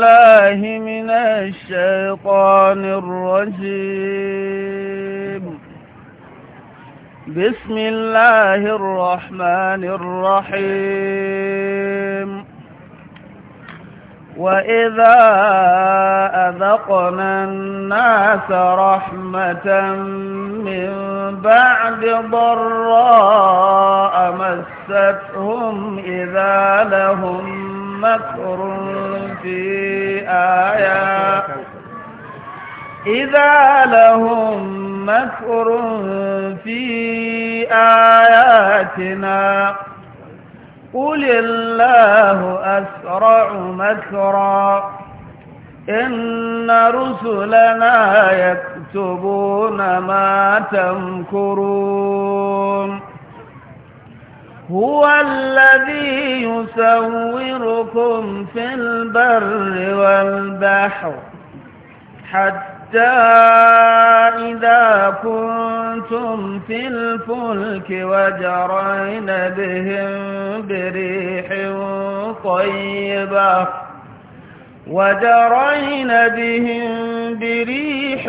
بالله من الشيطان الرجيم بسم الله الرحمن الرحيم وإذا أذقنا الناس رحمة من بعد ضراء مستهم إذا لهم مكر في آية. إذا لهم مكر في آياتنا قل الله أسرع مكرا إن رسلنا يكتبون ما تمكرون هو الذي يسوركم في البر والبحر حتى إذا كنتم في الفلك وجرين بهم بريح طيبة وجرين بهم بريح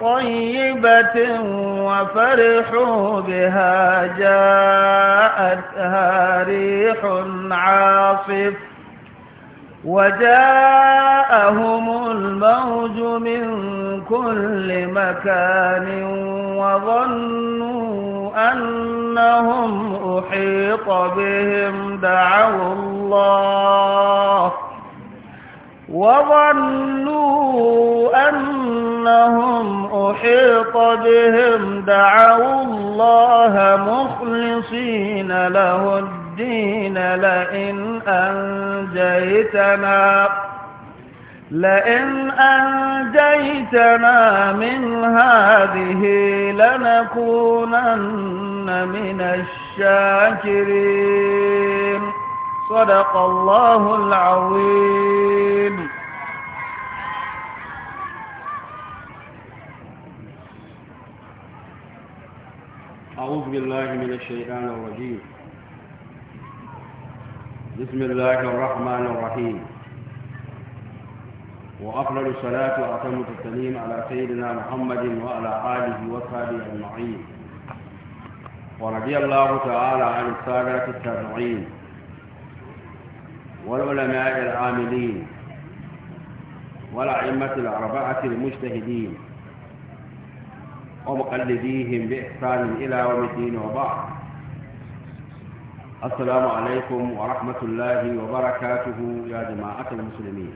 طيبة وفرحوا بها جاءتها ريح عاصف وجاءهم الموج من كل مكان وظنوا أنهم أحيط بهم دعوا الله وظنوا أنهم أحيط بهم دعوا الله مخلصين له الدين لئن أنجيتنا لئن أنجيتنا من هذه لنكونن من الشاكرين صدق الله العظيم أعوذ بالله من الشيطان الرجيم بسم الله الرحمن الرحيم وأفضل الصلاة وأتم التسليم على سيدنا محمد وعلى آله وصحبه أجمعين ورضي الله تعالى عن السادة التابعين والعلماء العاملين والأئمة الأربعة المجتهدين ومقلديهم بإحسان إلى يوم الدين وبعض السلام عليكم ورحمة الله وبركاته يا جماعة المسلمين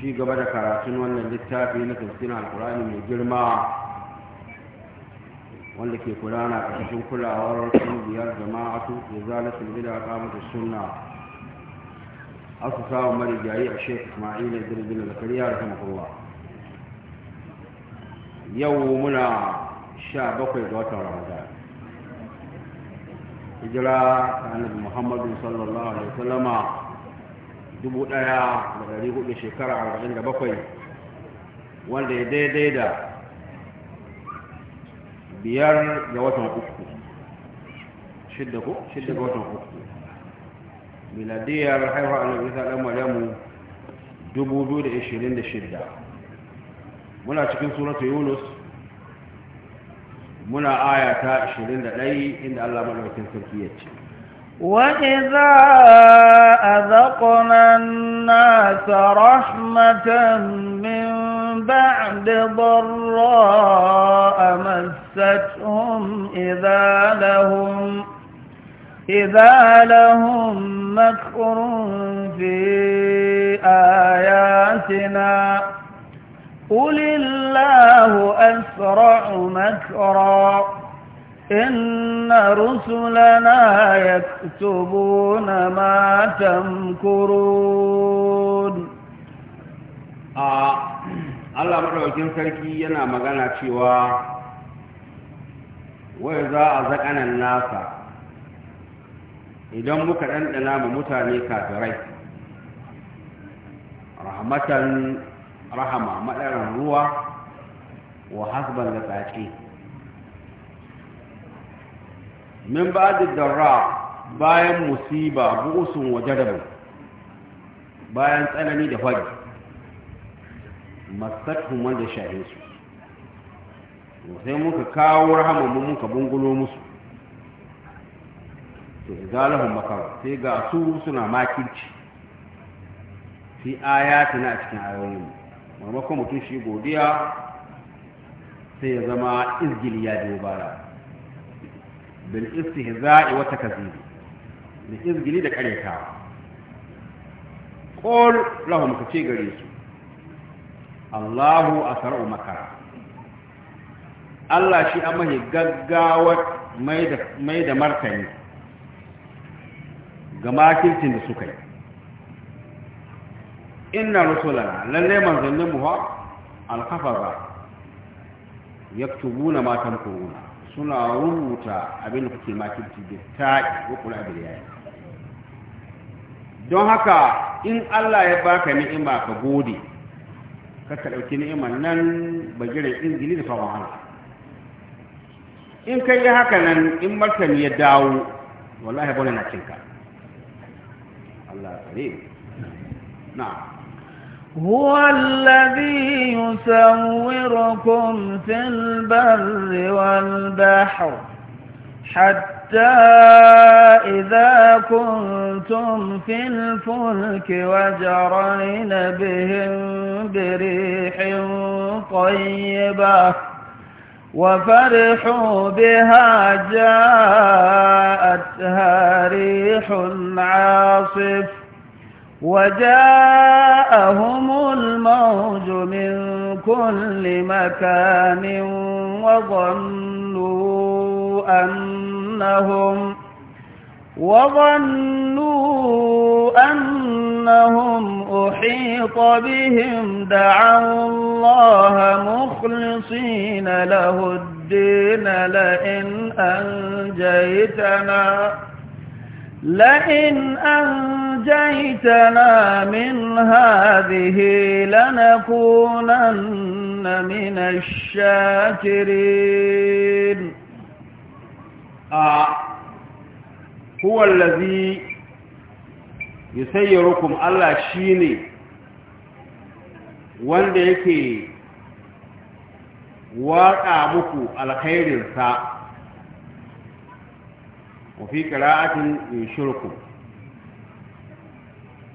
شيء قبل كراتين وأن الكتاب في نفسنا القرآن من الجرمى wanda ke kula na ƙarƙashin kulawar ƙungiyar jama'atu da zalatul bida kamata sunna samu wa marigayi a shek ismail jirgin zakariya da kuma kowa yau muna sha bakwai ga watan ramadan hijira ta annabi muhammadu sallallahu alaihi wasallama dubu ɗaya da dari hudu shekara arba'in da bakwai wanda ya daidai da biyar ga watan uku shidda ko shidda ga watan uku miladiyar Haifa a isa ɗan maryamu 2026 muna cikin suratu yunus muna aya ta 21 inda Allah maɗaukacin sarki ya ce وإذا أذقنا الناس رحمة من بعد ضراء مستهم إذا لهم إذا لهم مكر في آياتنا قل الله أسرع مكرا إن رسلنا يكتبون ما تمكرون آه، Allah maɗaukin sarki yana magana cewa wai za a zaƙanan nasa idan muka ɗanɗana ma mutane kafirai rahmatan rahama maɗaran ruwa wa hasban da tsaki min ba darra bayan musiba bu'usun wa jadabu bayan tsanani da fari masakun wanda da su sai muka kawo mu muka bungulo musu to zalahum makar sai ga su suna makinci fi ayatina a cikin mu. maimakon mutum shi godiya sai ya zama izgil ya biyo bara bil istihza'i wa takzibi da izgili da karyatawa qul lahum kace gare su Allahu asra'u makara Allah shi a mahi gaggawar mai da martani ga makircin da suka yi inna rusulana lalle manzannin mu alkhafaza yaktubuna ma tamkuruna suna rubuta abin da kuke makirci da ta'i wa kula da yayi don haka in Allah ya baka ni'ima ka gode kakka ɗauki ni'imar nan ba jira ingili da fama wahala in kai yi haka nan in martan ya dawo wallahi bane na cinka Allah kare na هو الذي يسوركم في البر والبحر حتى حتى إذا كنتم في الفلك وجرين بهم بريح طيبة وفرحوا بها جاءتها ريح عاصف وجاءهم الموج من كل مكان وظنوا أن أنهم وظنوا أنهم أحيط بهم دعوا الله مخلصين له الدين لئن أنجيتنا لئن أنجيتنا من هذه لنكونن من الشاكرين ya allazi rukun Allah shine wanda yake waƙa muku alkhairinsa wafi ƙira'atin inshirku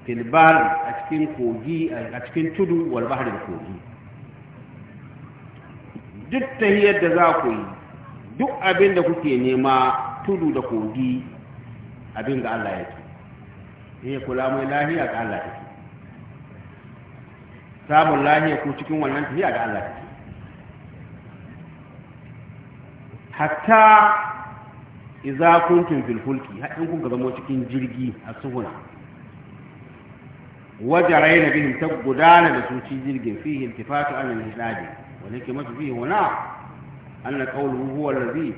filbar a cikin kogi a cikin tudu walbaharin kogi duk ta yadda za ku yi duk abin da kuke nema tudu da kogi abin ga Allah yake sai kula mai lahiya ga Allah yake samun lahiya ko cikin wannan tafiya ga Allah yake hatta iza kuntum fil fulki hadin kun zama cikin jirgi a suhuna wajaraina bihim tagudana da su ci jirgin fihi intifatu an al-hidaji walakin ma fihi wana أن قوله هو الذي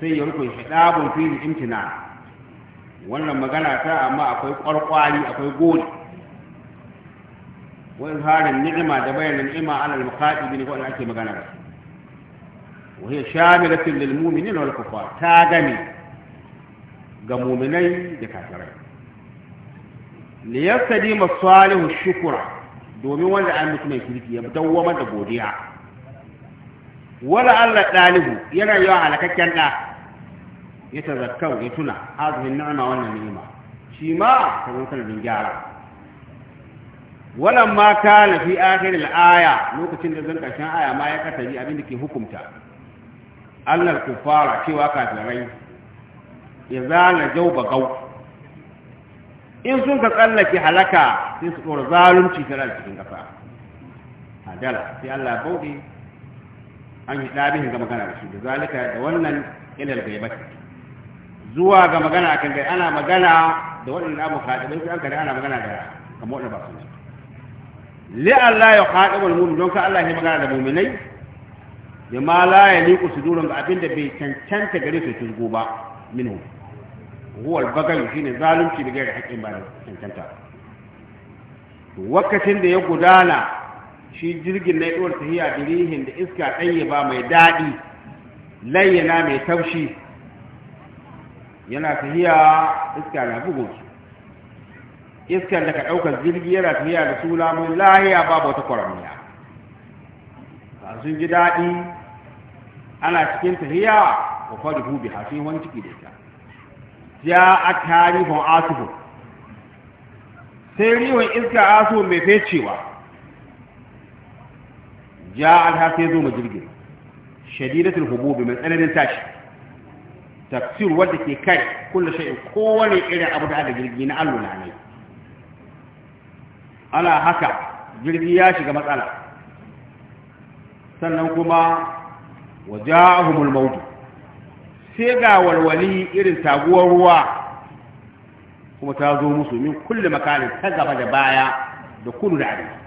سيركن حساب فيه امتناع wannan magana ta amma akwai ƙwarƙwari akwai goli wani harin nima da bayanin ni'ima ala al-muqatibi ne wanda ake magana da wa hiya shamilatun lil mu'minin wal kufar ta gani ga mu'minai da kafirai li yastadi masalihu shukura domin wanda an mutum mai kirki ya dawwama da godiya wala Allah ɗalibu yana yawa halakakken da ya tazakkau ya tuna azumin na'ama wannan ni'ima shi ma ta mutar bin gyara wala ma kana fi akhir al-aya lokacin da zan karshen aya ma ya katari abin da ke hukumta Allah kufara cewa kafirai Ya zala jawba Gau. in sun ka tsallake halaka sai su dora zalunci tare cikin kafa hadala sai Allah ya bauɗe an yi ɗabihin ga magana da shi da zalika da wannan ilal gaibat zuwa ga magana a kan gai ana magana da waɗanda na mukaɗibai sai an kare ana magana da kamar waɗanda ba su ne li Allah ya kaɗi wal mumin don ka Allah ya magana da muminai da ma la ya liku su durin ga abin da bai cancanta gare su turgo ba minhu huwa al-bagal ne zalunci da gairi haƙƙin ba cancanta wakacin da ya gudana shi jirgin na ɗuwar tahiya dirihin da iska ɗaya ba mai daɗi layyana mai taushi yana tahiya iska na bugun su iskar da ka ɗaukar jirgi yana tahiya da su lamun lahiya babu wata kwaramiya sun ji daɗi ana cikin tahiya wa faru hubi hasin wani ciki da ita ya a tarihin asibu sai riwon iska asibu mai fecewa ja an ya zo ma jirgin shadidatul hububi mai tsananin tashi tafsir wanda ke kai kullu shay'in kowane irin abu da aka jirgi na Allah ne ala haka jirgi ya shiga matsala sannan kuma waja'ahumul mawdu sai ga walwali irin taguwar ruwa kuma ta zo musu min kulli makanin ta gaba da baya da kudu da arewa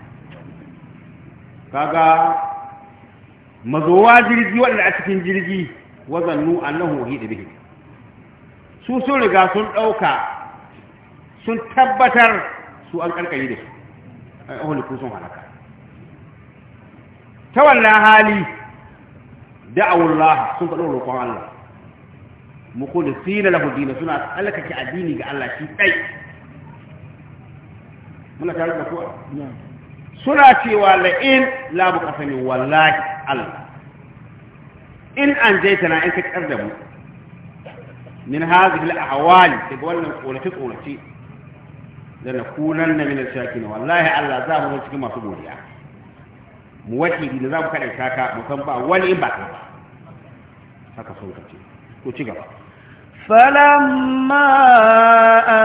kaga mazowa jirgi waɗanda a cikin jirgi wazannu annahu hida bihi su sun riga sun ɗauka sun tabbatar su an ƙarƙari da su a hulikun sun halaka ta wannan hali da'awullah sun faɗo roƙon Allah mukulisina lahu dina suna tsalkake addini ga Allah shi ɗai muna tare da kowa suna cewa la'in labu kasani wallahi Allah in an jaita na in ka kar da mu min hazihi al-ahwali daga wannan korafi korafi da na kunan na min shaki wallahi Allah za mu cikin masu godiya mu wakili da za mu kada kaka mu san ba wani in ba haka sun kace ko ci gaba فلما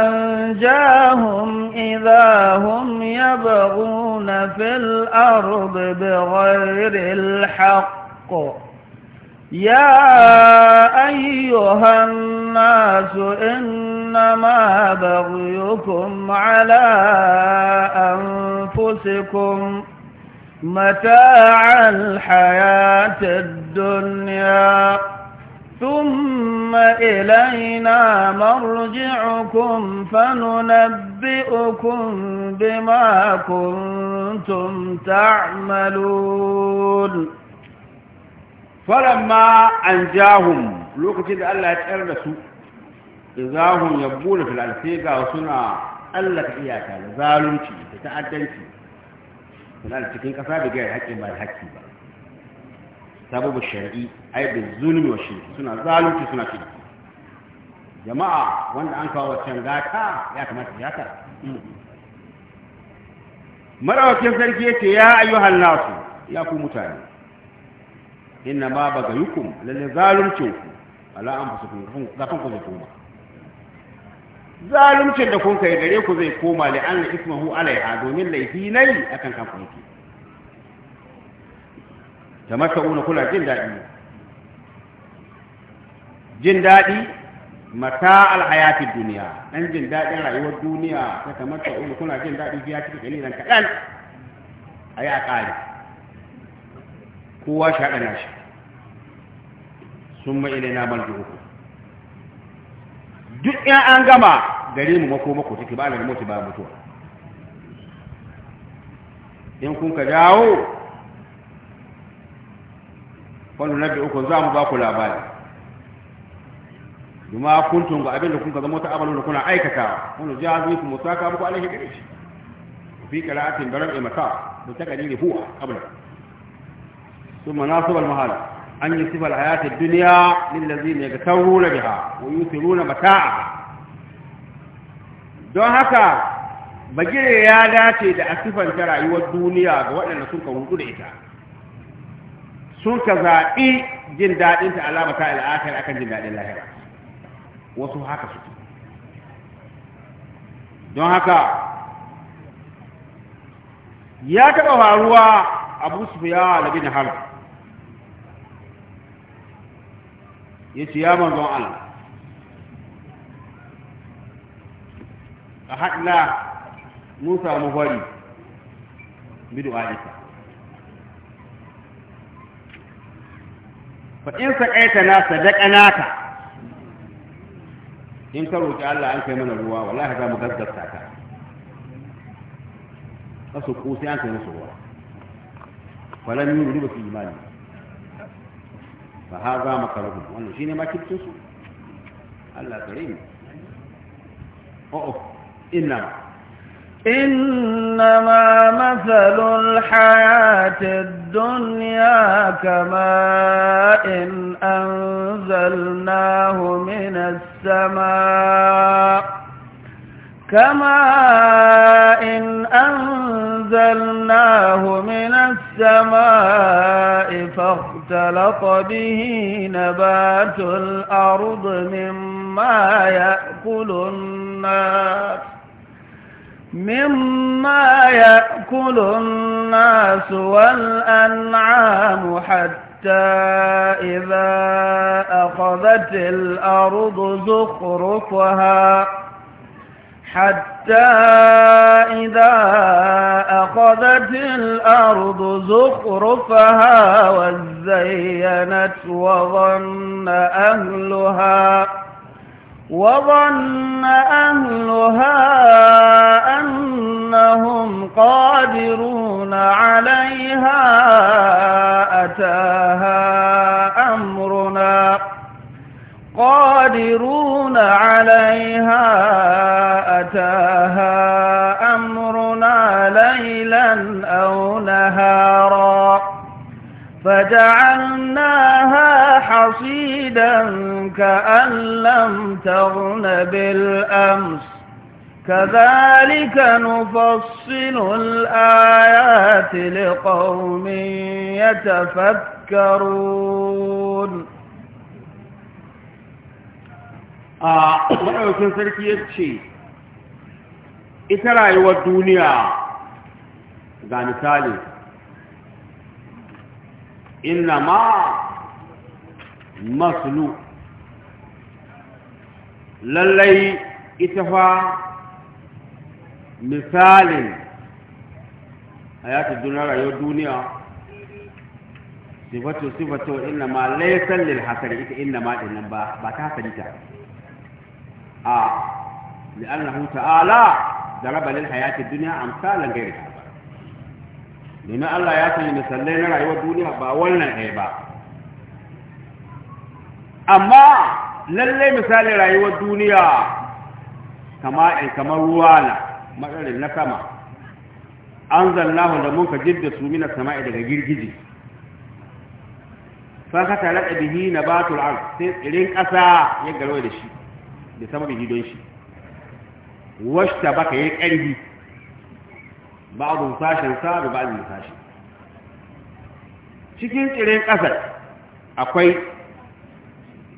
أنجاهم إذا هم يبغون في الأرض بغير الحق يا أيها الناس إنما بغيكم على أنفسكم متاع الحياة الدنيا ثم إلينا مرجعكم فننبئكم بما كنتم تعملون فلما أنجاهم لوكتين الله يتعرسوا إذا هم يبون في الألفيقى وصنع ألك إياك لذالنتي تتعدنتي في الألفيقين كفابي غير حكي ما الحكي بقى sababu shari'i ai da zulmi wa shirki suna zalunci suna shirki jama'a wanda an kawo wancan gata ya kamata ya tara marawacin sarki yake ya ayyuhan nasu ya ku mutane inna ma ga yukum lalle zalumcin ku ala an fusu kun zafin ku zai koma zalumcin da kun kai gare ku zai koma li an ismahu alaiha domin laifi nai akan kan ku yake ta mata'una kuna jin daɗi jin daɗi mata alhayatin duniya ɗan jin daɗin rayuwar duniya ta ta mata'una kuna jin daɗi biya cikin kalilan kaɗan a yi a ƙari kowa shaɗa na shi sun ma'ile na uku duk ɗan an gama gare mu mako mako ciki ba da mutu ba mutuwa in kun ka jawo na nabi uku za mu ba ku labari duma kun tunga abin da kun ka zama ta'amalu da kuna aikatawa wani jazu ku musaka muku alaihi gare shi fi qira'atin barar imata da ta takadiri huwa abla ثم ناصب المهال أن يصف الحياة الدنيا للذين يغترون بها ويثرون mata'a. don haka bagire ya dace da asifanta rayuwar duniya ga waɗanda suka hudu da ita sun ka zaɓi jin daɗin ta alama ta al'akari akan jin daɗin lahira wasu haka su don haka ya taɓa faruwa abu su fiya da bin har ya ce ya manzon Allah a haɗla mun samu hori bidu a ita fa in saqaita na sadaqanaka in ka roki Allah an kai mana ruwa wallahi za mu gaskata ka kasu ku sai an kai musu ruwa falan yuru ba su imani fa haza makaruhu wannan shine ma kicin su Allah karim oh oh inna إنما مثل الحياة الدنيا كماء إن أنزلناه من السماء كما إن أنزلناه من السماء فاختلط به نبات الأرض مما يأكل الناس مما يأكل الناس والأنعام حتى إذا أخذت الأرض زخرفها حتى إذا أخذت الأرض زخرفها وزينت وظن أهلها وظن أهلها أنهم قادرون عليها أتاها أمرنا قادرون عليها أتاها أمرنا ليلا أو نهارا فجعلنا حصيدا كأن لم تغن بالأمس كذلك نفصل الآيات لقوم يتفكرون آه أقول لك يبشي إترى أيها الدنيا ذا مثالي إنما maslu lallai ita fa misalin hayatu duniya rayuwar duniya sifatu sifatu inna ma laysan lil hasari ita inna ma din nan ba ba ta hasalita a li'annahu ta'ala daraba lil hayati dunya amsalan ghairiha domin Allah ya sanya misalai na rayuwar duniya ba wannan ɗaya ba amma lalle misali rayuwar duniya kama kamar ruwa na matsarin na sama an hu da ka jidda su mina sama'i daga girgiji fa ka tare da bihi na batul ar sai tsirin ƙasa ya garwa da shi da sama bihi don shi washta baka yi ƙarfi ba'adun sashen sa da ba'adun sashen cikin tsirin ƙasar akwai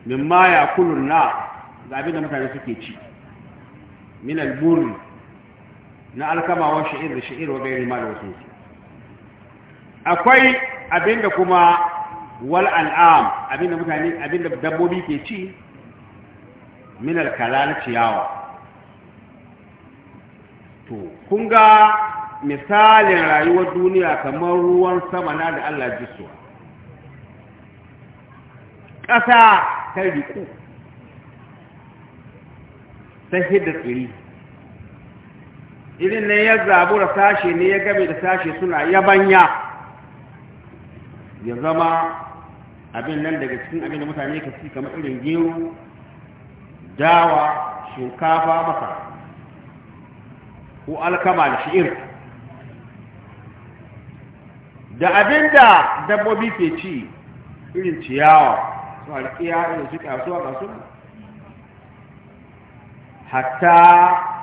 mimma ya kulun na ga abin da mutane suke ci min alburi na alkama wa sha'ir da sha'ir wa gairi ma da wasu akwai abin da kuma wal an'am abin da mutane abin da dabbobi ke ci min alkala na ciyawa to kun ga misalin rayuwar duniya kamar ruwan sama na da Allah jisuwa ƙasa ta riƙu ta hidda tsiri irin ne ya zabu da sashe ne ya game da sashe suna yabanya ya zama abin nan daga cikin abin da mutane ka ci kamar irin gero dawa shinkafa masa ko alkama da shi'ir da abin da dabbobi ke ci irin ciyawa su harki yaran su kasuwa ba su hatta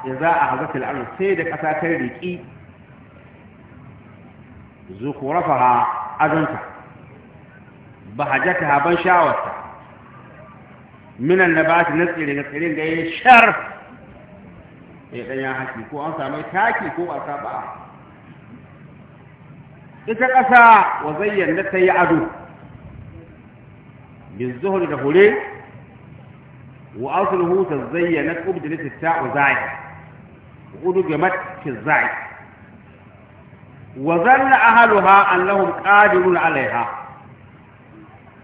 ya za a haza fil'arun sai da ƙasa ta riƙi zukurafa ha azanta ba hajjata ha ban shawarta minan da ba su na tsire ga tsirin da ya shar ya ɗanya haƙi ko an samu taki ko ba sa ba ita ƙasa wa zayyana ta yi ado بالزهر دهولي وأصله تزينت أبدلت التاء زاي وأدغمت في الزاي وظن أهلها أنهم قادرون عليها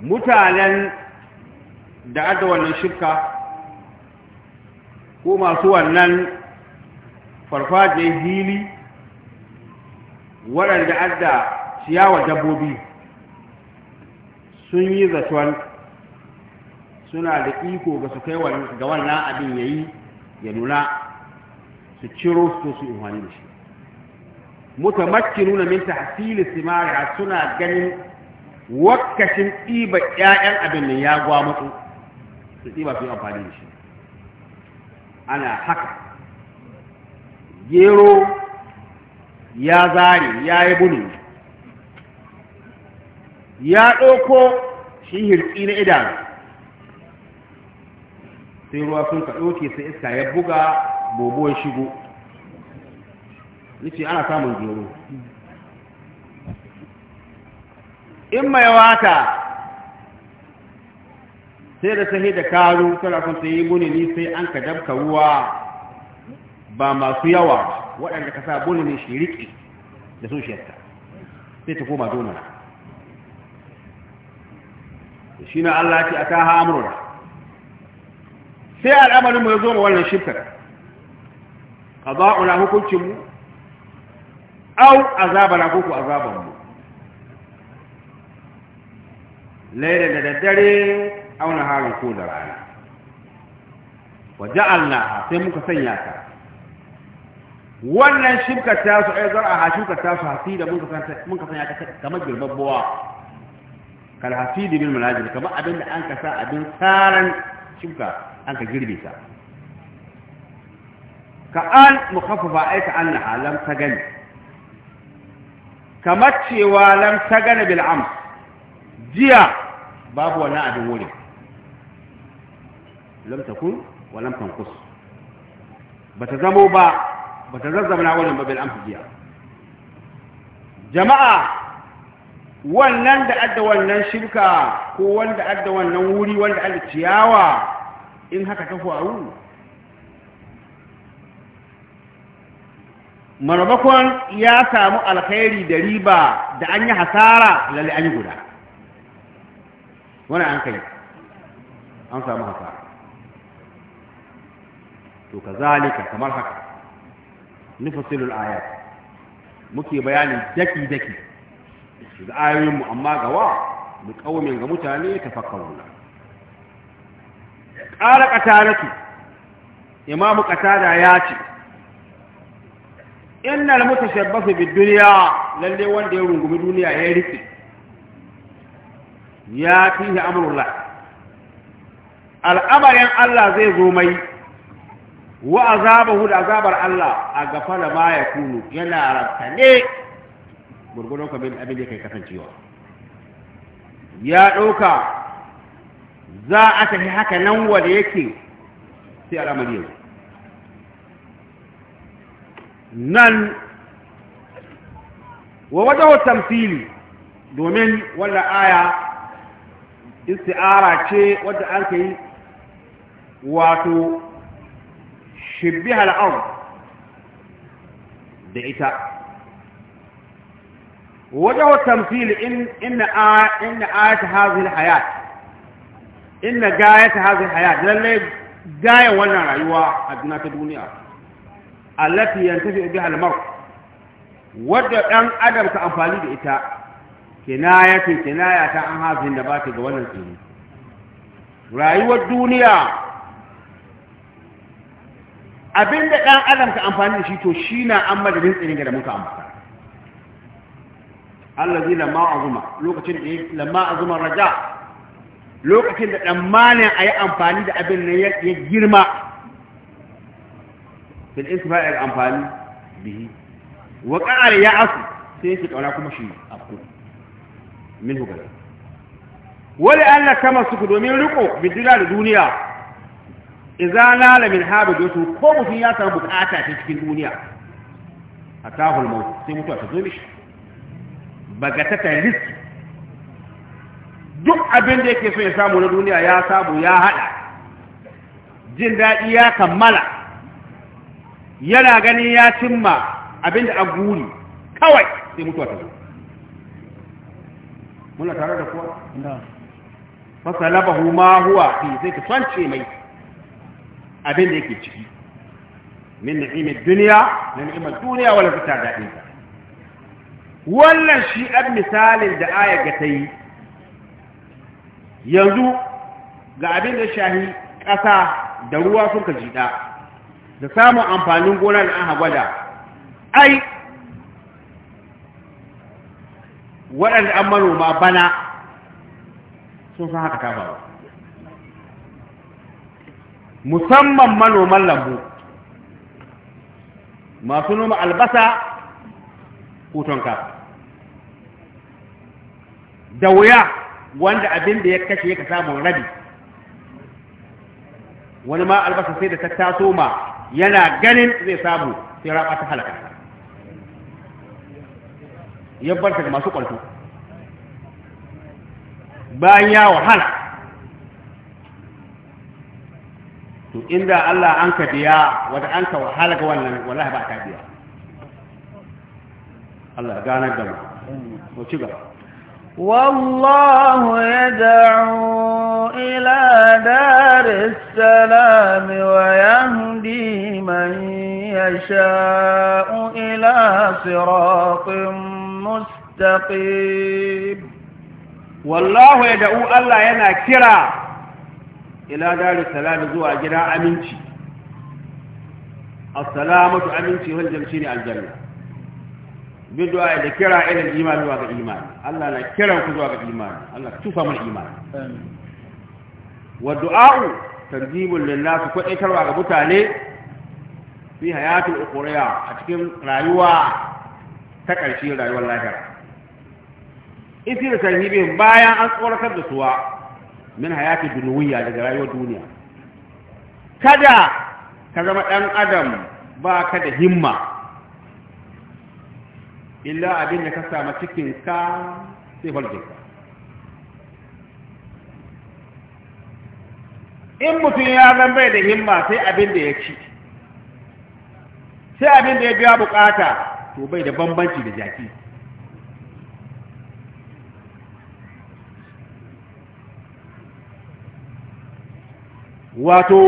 متالا da adda wannan shirka ko masu wannan farfajiyar hili waɗanda adda ciyawa dabbobi sun yi zaton suna da iko ga su kai ga wannan abin ya yi ya nuna su ciro su su in da shi mutamakkinu na min tahsili simara suna ganin wakashin ɗiba ƴaƴan abin nan ya mutu su ɗiba su amfani da shi ana haka gero ya zare ya yi bunin ya ɗauko shi hirtsi na idanu sai ruwa sun ka ɗauke sai iska ya buga bobo ya Ni ce ana samun gero in mai wata sai da sahi da karu tana kun sai bunini sai an ka dabka ruwa ba masu yawa waɗanda ka sa bunini shi riƙe da shiyarta, sai ta koma donar shi na Allah ce a ta ha amurra sai al'amarin mu ya zo wannan shifar qada'u na hukuncin mu au azaba na koko azaban mu laila da daddare au na harin ko da rana wa ja'alna sai muka sanya ta wannan shifkar ta su ai zar'a ha shifkar ta su hasida mun kasanta mun kasanya ta kamar girbabbowa kal hasidi bil manajil kamar abin da an kasa abin saran shifka an ka girbe ta ka an mukaffafa ai ka an laha lam ta gani kamar cewa lam ta gani bil am jiya babu wani abin wurin lam kun wa lam Ba ta zamo ba ba ta zazzabna wurin ba bil am jiya jama'a wannan da adda wannan shirka ko wanda adda wannan wuri wanda adda ciyawa in haka ta faru marabakon ya samu alkhairi da riba da an yi hasara lalle an yi guda wani an kai an samu hasara to ka zalika kamar haka nufasilul ayat muke bayanin daki-daki ga ayoyinmu amma gawa da ƙaumin ga mutane ta wula. ƙara ƙataratu imamu ƙatara ya ce innal mutashabbasu bi duniya lalle wanda ya rungumi duniya ya rike ya fihi amrullah al'amarin Allah zai zo mai wa azabahu da azabar Allah a da ma ya kunu yana rantane gurgurun kwamin abin da kai kasancewa ya ɗauka za a tafi haka nan wanda yake sai al'amari yau nan wa wajen tamfili domin wanda aya isti'ara ce wadda an ka yi wato shibbi hal'ar da ita wajen tamfili inna ayata hazin hayat inna gaya ta hazin haya lalle gaya wannan rayuwa a duniya ta duniya allati yantafi biha al-mar wadda dan adam ka amfani da ita kinaya ce kinaya ta an hazin da ba ta ga wannan tsini rayuwar duniya abinda dan adam ka amfani da shi to shi na an madadin tsini da muka ambata allazi lamma azuma lokacin da lamma azuma raja lokacin da tsammanin a yi amfani da abin nan ya girma fil isfa'il amfani bihi wa ƙa'ar ya asu sai yake ƙaura kuma shi afko min hukar wani allah kama suku domin riko bidila da duniya idza nala min habi su ko mutum ya samu bukata ta cikin duniya a tahul maut sai mutuwa ta zo mishi bagatatan riski duk abin da yake so ya samu na duniya ya samu ya haɗa jin daɗi ya kammala yana ganin ya cimma abin da a guri kawai sai mutuwa ta zo muna tare da kuwa fasalabahu ma huwa fi sai ka ce mai abin da yake ciki min ni'imar duniya na ni'imar duniya wala fita daɗin wannan shi ɗan misalin da aya ga ta yi yanzu ga abin da shahi ƙasa da ruwa sun ka jiɗa da samun amfanin gona da an da ai waɗanda an manoma bana sun san haka kafa musamman manoman lambu masu noma albasa ko da wuya wanda abin da ya kashe ka samu rabi wani ma albasa sai da ta taso ma yana ganin zai samu sai raba ta halaka ya bar ga masu kwarto bayan ya wahala to inda Allah an ka biya wanda an ka wahala ga wannan wallahi ba ta biya Allah ganar da mu mu ci gaba والله يدعو إلى دار السلام ويهدي من يشاء إلى صراط مستقيم والله يدعو الله ينا كرا إلى دار السلام زوى جنا منك السلامة أمنتي والجمشين الجنة bid'a da kira irin imani zuwa ga imani Allah na kiran ku zuwa ga imani Allah tufa mana imani wa du'a'u tarjibul linnas ko aikarwa ga mutane fi hayatul ukhriya a cikin rayuwa ta ƙarshe rayuwar lahira isir tarhibin bayan an tsoratar da suwa min hayatul duniyya daga rayuwar duniya kada ka zama ɗan adam ba ka da himma illa abin da ka samu cikin ka sai farjin ka in mutum ya zan bai da himma sai abin da ya ci sai abin da ya biya bukata to bai da bambanci da jaki wato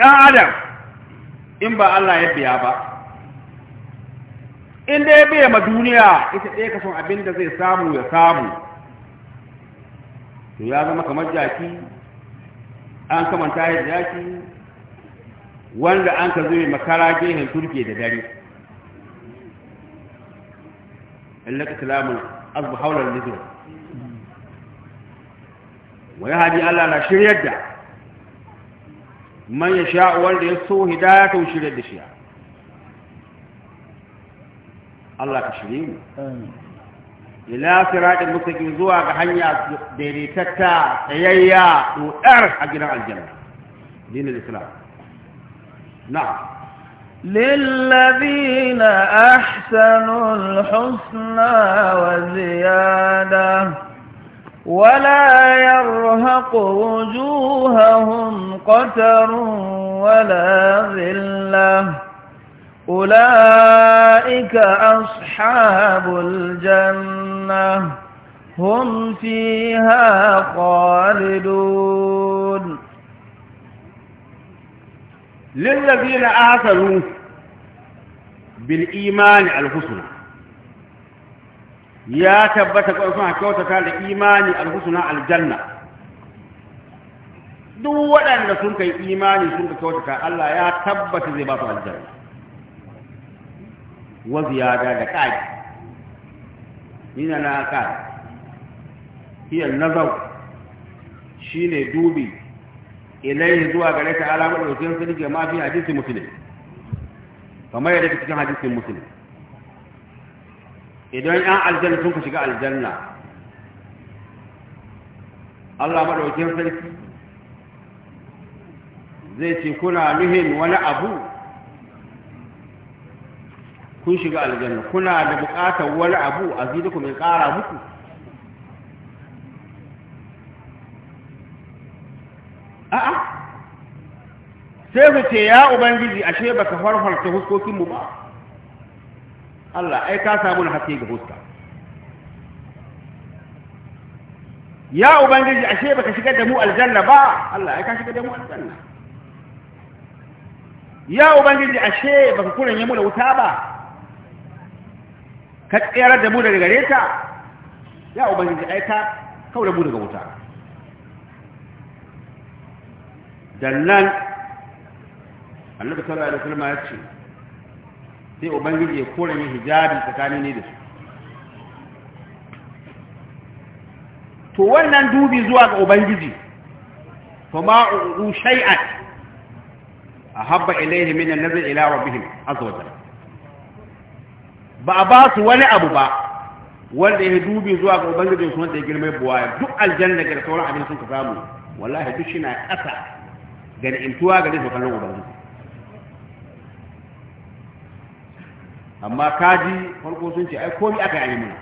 ɗan adam in ba Allah ya biya ba in dai ya ma duniya ita ɗaya kasan abin da zai samu ya samu to ya zama kamar jaki an kamanta ya jaki wanda an ka zai makara gehen turke da dare allaka salamun azbu haular nizur wa ya haji Allah na shiryar da man ya sha wanda ya so hidayatun shiryar da shiya Allah ka shirye mu ila siratin mustaqim zuwa ga hanya daidaitatta tsayayya dodar a gidan aljanna dinin islam na'am للذين أحسنوا الحسنى وزيادة ولا يرهق وجوههم قتر ولا ذلة أولئك أصحاب الجنة هم فيها خالدون للذين آثروا بالإيمان الحسنى يا تبت قرصنا كوتة لإيمان الحسنى الجنة دو ودن سنك إيماني سنك كوتة الله يا تبت زباط الجنة wa ziyada da ƙari nina na ƙari hiyar nazar shi ne dubi ilayin zuwa gare ta alamar ɗaukiyar su ma mafi hadisi musulun kamar yadda cikin hadisin musulun idan yan aljanna sun ka shiga aljanna Allah maɗaukiyar sarki zai ce kuna nuhin wani abu kun shiga aljanna kuna da buƙatar wani abu a zidukum mai ƙara muku a'a sai su ce ya ubangiji ashe baka farfarta huskokin ba Allah ai ka samu na haske ga huska ya ubangiji ashe baka shigar da mu aljanna ba Allah ai ka shigar da mu aljanna ya ubangiji ashe baka kuren yamu da wuta ba ka tsere da mu daga gare ta ya ubangiji ai ka kaura mu daga wuta dan nan annabi sallallahu alaihi wasallam ya ce sai ubangiji ya kore ni hijabi tsakanin ni da su to wannan dubi zuwa ga ubangiji fa ma shay'an ahabba ilayhi min an-nazr ila rabbihim azza wa jalla ba a ba su wani abu ba wanda ya dubi zuwa ga ubangijin su wanda ya girma buwaya duk aljanna ga sauran abin sun ka samu wallahi duk shi na ƙasa ga ni'imtuwa ga su kallon ubangiji amma kaji farko sun ce ai komai aka yi mana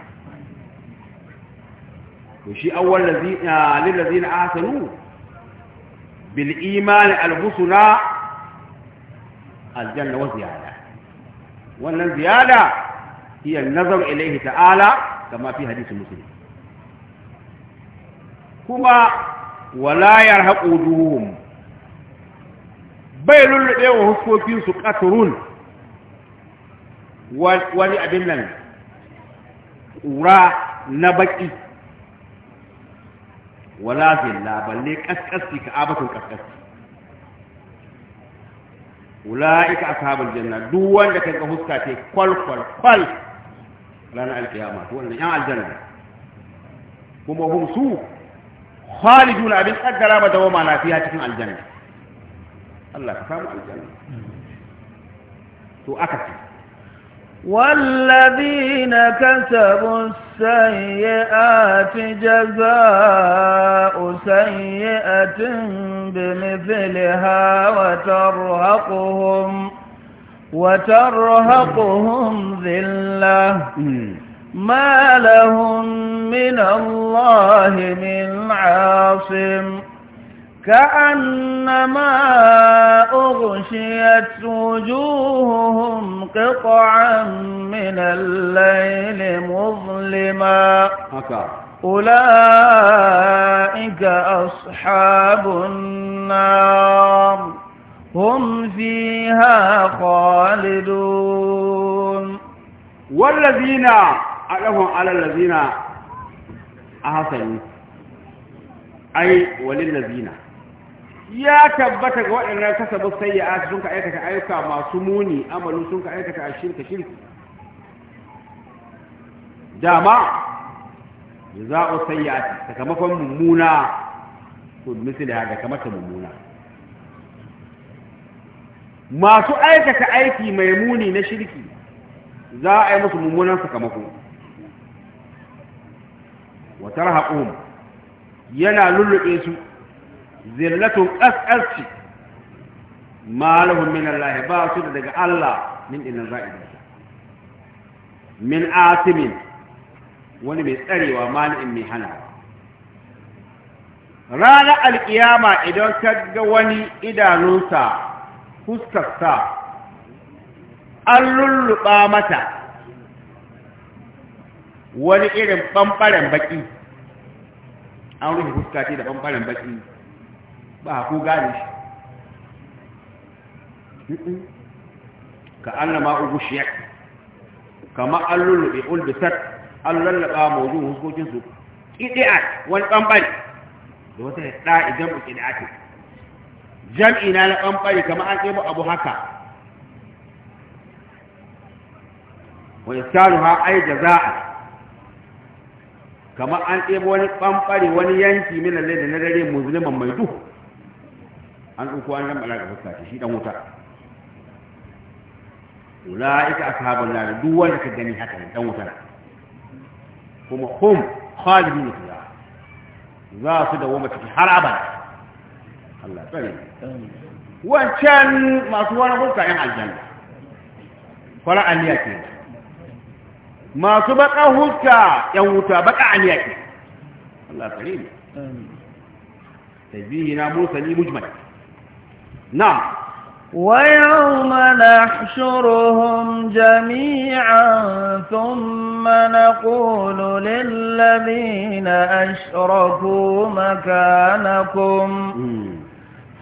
to shi awwal lazina lil lazina ahsanu bil iman al husna aljanna wa ziyada wannan ziyada هي النظر إليه تعالى كما في حديث مسلم كما ولا يرهق وجوههم bai lullube wa huskokinsu ƙaturun wani abin nan ƙura na baƙi wala zilla balle ƙasƙasci ka abatun ƙasƙasci ula'ika ashabul janna duk wanda kan ka huska ce kwal kwal kwal لا يا ما هو اللي يعمل الجنة كما هم سوء خالدون أبن أجل ما دوما لا فيها تكون الجنة الله كفام الجنة سوء أكثر والذين كسبوا السيئات جزاء سيئة بمثلها وترهقهم وترهقهم ذلة ما لهم من الله من عاصم كأنما أغشيت وجوههم قطعا من الليل مظلما أولئك أصحاب النار هم فيها خالدون والذين ألهم على الذين أحسنوا أي وللذين ya tabbatar waɗannan kasabu sayyi'at sun ka aikata ayyuka masu muni amalu sun ka aikata ashirka shirki dama jaza'u sayyi'at sakamakon mummuna to da kamata mummuna masu aikata aiki mai muni na shirki za a yi musu mummunan sakamako watar haƙon yana lulluɓe su zillatun ƙasƙasci malahun min Allah ba su da daga Allah min ɗinan za'ida min atimin wani mai tsarewa mali'in mai hana ranar alƙiyama idan ka ga wani idanunsa fuskarsa an lulluɓa mata wani irin ɓamɓaren baƙi an rufe fuska ce da ɓamɓaren baƙi ba ku gane shi ka an nama ugu shiyar kama an lulluɓe ulbisar an lallaɓa mawujin huskokinsu ƙidi'ar wani ɓamɓare da wata da ƙidi'atin jam'i na na ɓanɓare kamar an ɗebo abu haka wa isaruha ai jaza'a kamar an ɗebo wani ɓanɓare wani yanki min da na dare musulman mai duhu an ɗauko an zama alaƙa fuska shi ɗan wuta ula'ika ashabun da duk wanda ka gani haka ne ɗan wuta kuma hum khalidun fiha za su dawo mace har abada Allah tsare wancan masu wani hulka yan aljanna fara aliya ke masu baka hulka yan wuta baka aliya ke Allah tsare ne tabihi na musa ni mujmal na ويوم نحشرهم جميعا ثم نقول للذين أشركوا مكانكم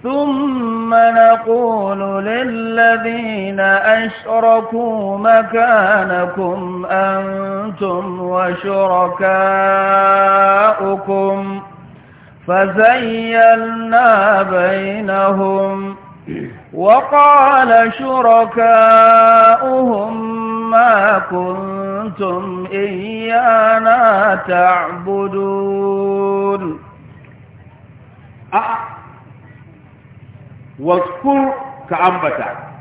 ثم نقول للذين أشركوا مكانكم أنتم وشركاؤكم فزيلنا بينهم وقال شركاؤهم ما كنتم إيانا تعبدون waskur ka ambata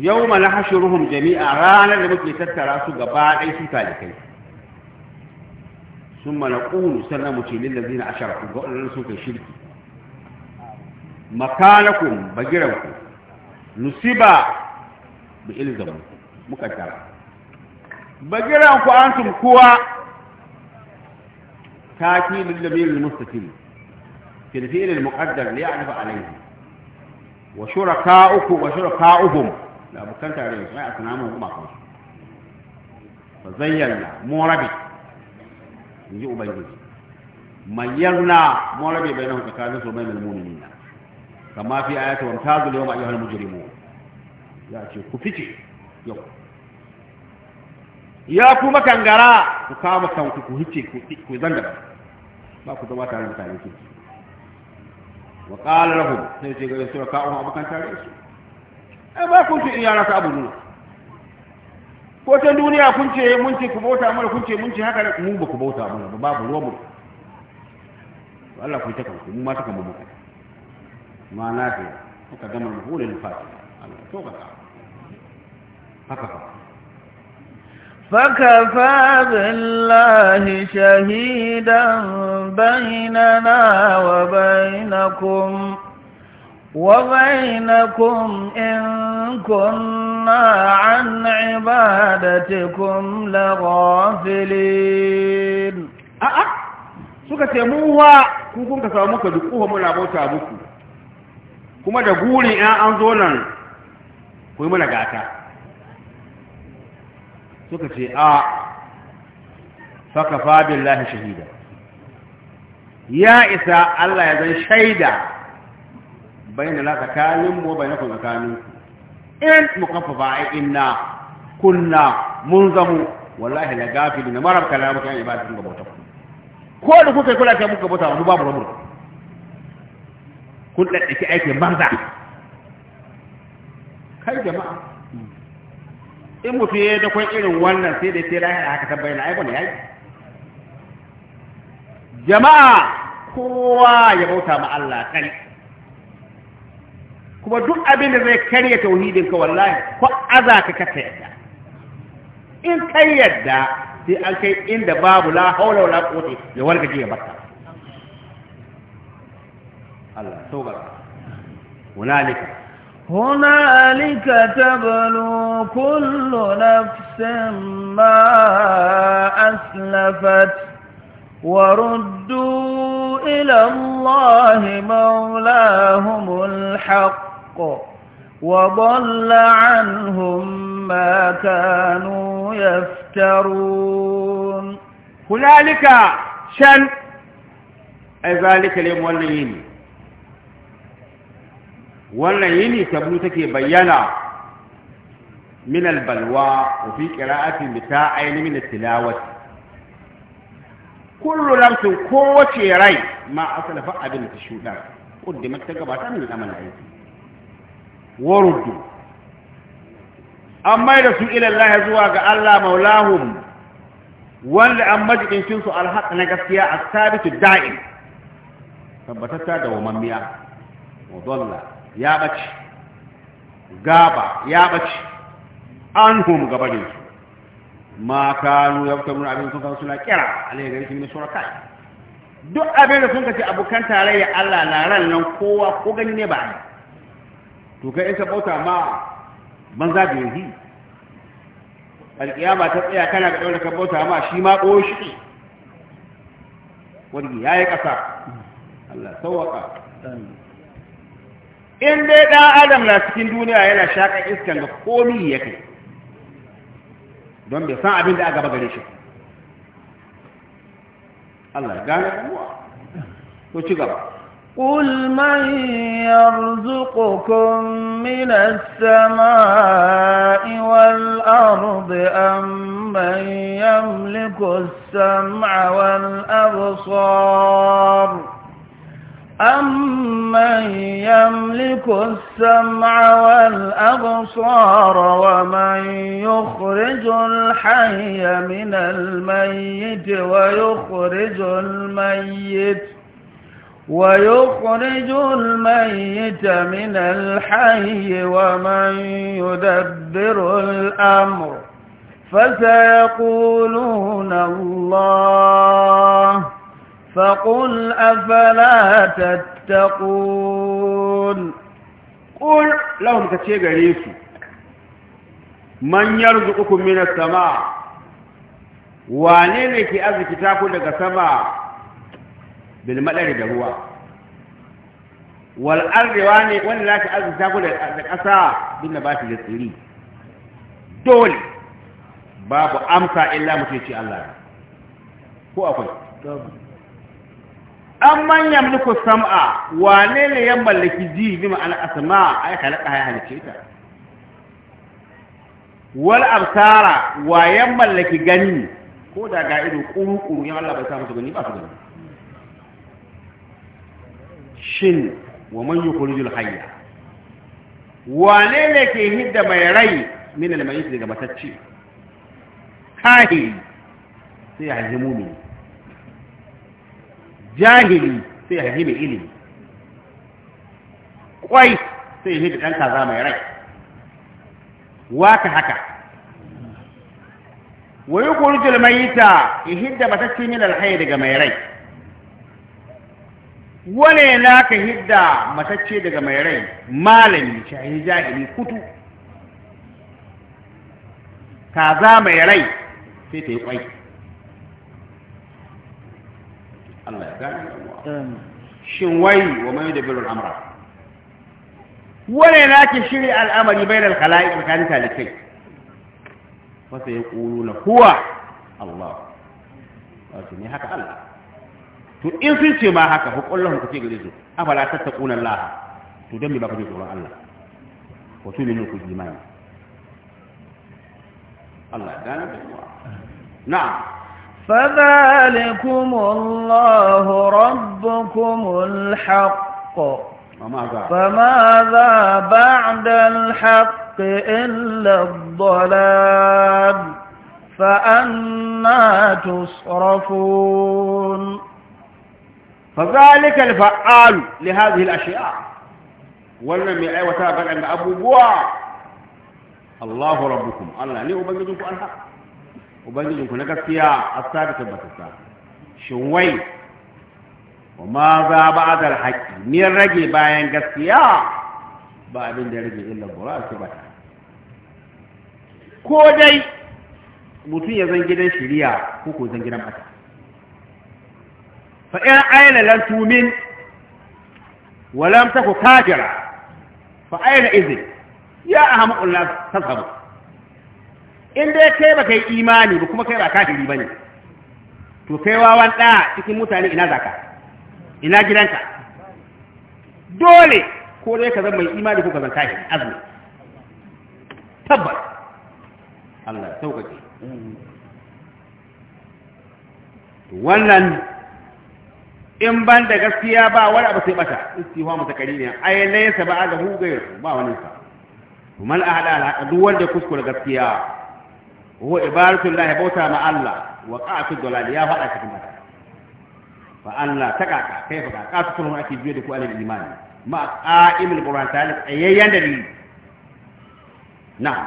yawma ruhun jami'a ranar da muke tattara su gaba ɗaya su talikai summa naqulu sannan mu ce lil ladina asharaku ga wannan kai shirki makanakum bagiranku nusiba bi ilzamu muka kuwa في الفعل المقدر ليعرف عليه وشركاؤكم وشركاؤهم لا بكنت عليهم ما أكنامهم ما قلت فزينا موربي يجي أبيضي ميرنا موربي بينهم تكاليس وبين المؤمنين كما في آية وامتازوا اليوم أيها المجرمون يأتي كفتي يوم ya ku makangara ku kama kanku ku hice ku zanga ba ku zama tare da mutane kirki wa qala lahum sai ba kun ce iyara ka abu duniya kun ce mun ce ku kun ce mun ce haka mu ba babu ruwa mu Allah ku ta kanku mu ma ta kanmu muka ma na ce kuka gama mahulil fatiha to ka haka fa فكفى بالله شهيدا بيننا وبينكم وبينكم إن كنا عن عبادتكم لغافلين suka ce mu wa ku kun ka samu ka duku muna bauta muku kuma da guri in an zo nan ku yi mana gata suka ce a faka fabin lahi shahida ya isa Allah ya zan shaida bai na tsakanin mu bai na kun tsakanin in mukafa ba a inna kunna mun zamu wallahi na gafi na marar kala muka yi ba cikin gabata ku ko da kuka yi kula ta muka bauta mu babu rabu kun daddake aikin banza kai jama'a in mutu ya da kwan irin wannan sai da tera yana haka tabbai na aibon ya yi jama'a kowa ya bauta ma Allah kan kuma duk abin da zai karya tauhidin ka wallahi ko aza ka kasa yadda in kai yadda sai an kai inda babu la haula wala quwwata ya wargaje ya barka Allah sauka hunalika هنالك تبلو كل نفس ما أسلفت وردوا إلى الله مولاهم الحق وضل عنهم ما كانوا يفترون هنالك شن أي ذلك اليوم والليل wannan yini tablu take bayyana min albalwa wa fi qira'atin bi ta'ayn min tilawati kullu nafsin kowace rai ma aslafa abin ta shuda quddimat ta gabata min zaman aiki waruddu amma da su ila Allah zuwa ga Allah maulahum wanda an majikin su alhaq na gaskiya as-sabitu da'im tabbatatta da wamammiya wa dalla ya ɓace gaba ya ɓace an hum gabanin su ma kanu ya fita abin sun kawo suna kira alayhi gari sun sura kai duk abin da sun kace abokan tarayya Allah na ran nan kowa ko gani ne ba ne to kai in ka bauta ma banza da yahi alƙiyama ta tsaya kana ga dole ka bauta ma shi ma ƙoshi wani ya yi ƙasa Allah amin in dai ɗan adam na cikin duniya yana shaƙar iskan da komi ya kai don bai san abin da aka gare shi Allah ya gane ko ci gaba قل من يرزقكم من السماء والأرض أم من يملك السمع والأبصار أَمَّنْ يَمْلِكُ السَّمْعَ وَالْأَبْصَارَ وَمَنْ يُخْرِجُ الْحَيَّ مِنَ الْمَيِّتِ وَيُخْرِجُ الْمَيِّتَ ويخرج الميت من الحي ومن يدبر الأمر فسيقولون الله فقل أفلا تتقون قل لهم كتير غريسو man yarzuqukum minas sama wane ke arzikita ku daga sama bil madari da ruwa wal ardi wane wanda zaka arzikita ku da ƙasa bin da da tsiri dole babu amsa illa mutunci Allah ko akwai an man yamliku sam'a wane ne ya mallaki ji bi ma'ana asma ay halaka ya halice ta wal absara wa ya mallaki gani ko da ga ido kuru kuru ya Allah bai sa musu gani ba su gani shin wa man yukhrijul hayya wane ne ke hidda mai rai min al-mayyit daga matacce kai sai ya hajimu ne jahili sai ya haifi mai ilimi kwai sai ya haifi ɗan kaza mai rai waka haka wa yi kurjul mayita ya hidda matacin yin alhaya daga mai rai wane na ka hidda matacce daga mai rai malami shahi jahili kutu kaza mai rai sai ta yi kwai Allah ya gane shin wai wa mai da birul amra wane na ke al'amari bai da khala'i tsakanin talikai wasu ya ƙuru na huwa Allah wato ne haka Allah to in sun ce ma haka hukullahun ku ce gare su afala tattaquna laha. to don me ba ku ji tsoron Allah Wasu ne ku imani Allah ya gane da na'am فذلكم الله ربكم الحق فماذا بعد الحق إلا الضلال فأنا تصرفون فذلك الفعال لهذه الأشياء ولم يأي وتابع عند أبو بوا الله ربكم الله ليه بنجدكم الحق ubangijin ku na gaskiya asabi tabbatarsa shin wai wa ma za ba adal haƙi ni rage bayan gaskiya ba abin da ya rage illa bura a bata ko dai mutum ya zan gidan shiriya ko ko zan gidan bata fa in aina lantumin, walamta ku kajira taku kafira fa aina izin ya a hamakun lantarki in dai kai ba kai imani ba kuma kai ba kafiri bane to kai wawan da cikin mutane ina zaka ina gidanka dole ko dai ka zama mai imani ko ka zama kafiri azumi tabbas Allah sauƙaƙe wannan in ban da gaskiya ba wani abu sai bata mata kari ne ai nesa ba a ga hugayar ba wani sa mal ahada duk wanda kuskure gaskiya هو عبارة الله بوتا مع الله وقعت الدلال يا فقا كتما فألا تقعك كيف قعك قعت كلهم أكي بيدك وأنا الإيمان ما قائم القرآن تعالى أي يندري نعم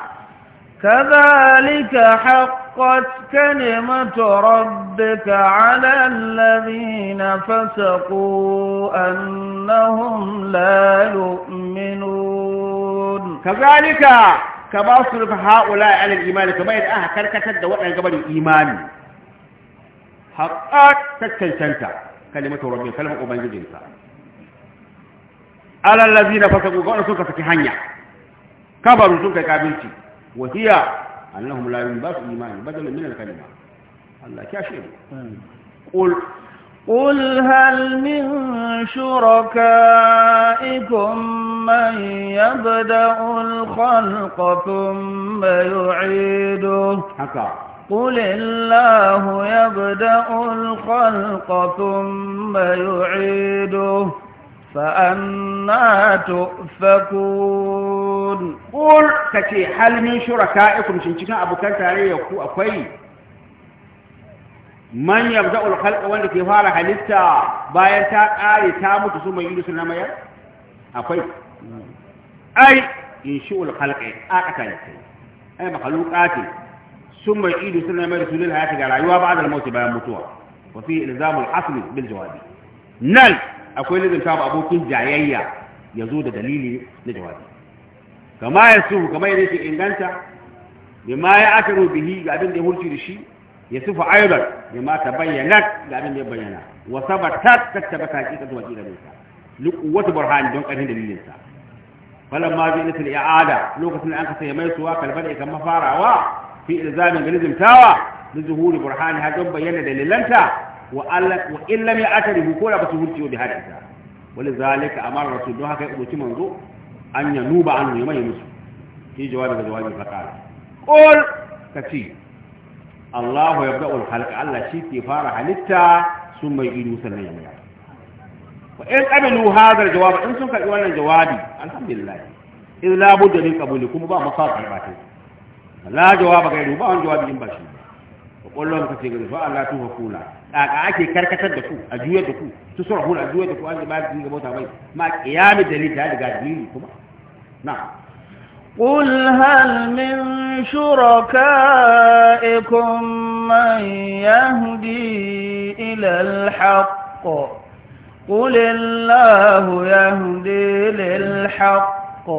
كذلك حقت كلمة ربك على الذين فسقوا أنهم لا يؤمنون كذلك Ka ba su rufe ha'ula a yanar imani kamar yadda aka karkatar da waɗanda gabarin imani haƙa ta cancanta kalimatu rabbi kalmar ubangijinsa alallazi na fasa gugu waɗanda suka saki hanya kabaru sun kai kabinci wahiya annahum la yun ba su imani badalin min al kalima Allah ya shi qul قل هل من شركائكم من يبدأ الخلق ثم يعيده قل الله يبدأ الخلق ثم يعيده فأنا تؤفكون قل تكي هل من شركائكم شنشكا أبو كان يقول أكوي man yabda ulkhalqa wanda ke fara halitta bayan ta kare ta mutu su mai yudu na mayar akwai ai in shi ul-khalqe, ulkhalqa aka ne ai makhluqati sun mai yudu na mayar su lil hayati ga rayuwa ba da mutu bayan mutuwa wa fi ilzamu al-asli bil jawabi nan akwai lazim ta abokin jayayya yazo da dalili na jawabi kama yasu kama yake inganta bima ya akaru bihi ga abin da ya hurci da shi ya sufa ayyuban da mata bayyanat ga abin da ya bayyana wa sabata ta tabbata ki ta zuwa gidan sa luqu wa burhan don karin dalilin sa falan ma bi'nat al-i'ada lokacin da an ka sai mai suwa kalbar ikan mafarawa fi ilzamin ganizim tawa bi zuhuri burhan don bayyana dalilanta wa alla wa in lam ya'tari bi kula ba su hurti bi hadisa ولذلك امر رسول الله كي يقول من ذو ان ينوب عنه يوم يمس في جواب جواب فقال قل Allahu ya bada halka Allah shi ke fara halitta sun mai ido sannan ya mai wa in qabilu hadha jawab in sun karbi wannan jawabi alhamdulillah idh la budda min qabuli kuma ba masa karba ta la jawaba gairu ba wani jawabi in ba shi daga ake karkatar da ku a juyar da ku tu surhuna a juyar da ku an ba ku ga bai ma qiyamul dalil ta daga dalili kuma na. قل هل من شركائكم من يهدي إلى الحق قل الله يهدي للحق